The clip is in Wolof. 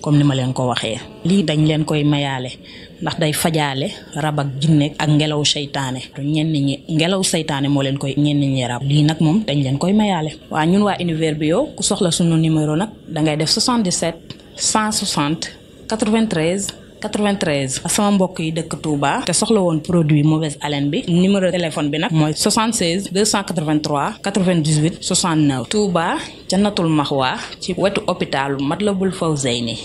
comme ni ma leen ko waxee lii dañ leen koy mayaale ndax day fajaale rab ak jinne ak ngelaw seytaane ñenn ñi ngelaw seytaane moo leen koy ñenn ñi rab lii nag moom dañ leen koy mayaale waa ñun waa univers bio ku soxla suñu numéro nag dangay def 77 160 93 93 sama mbokk yi dëkk Touba te soxla woon produit mauvaise haleine bi numéro téléphone bi nag mooy 76 283 98 69 Touba Jannatul Maxwa ci wetu la hôpitalu Matlaboul Fawzeyni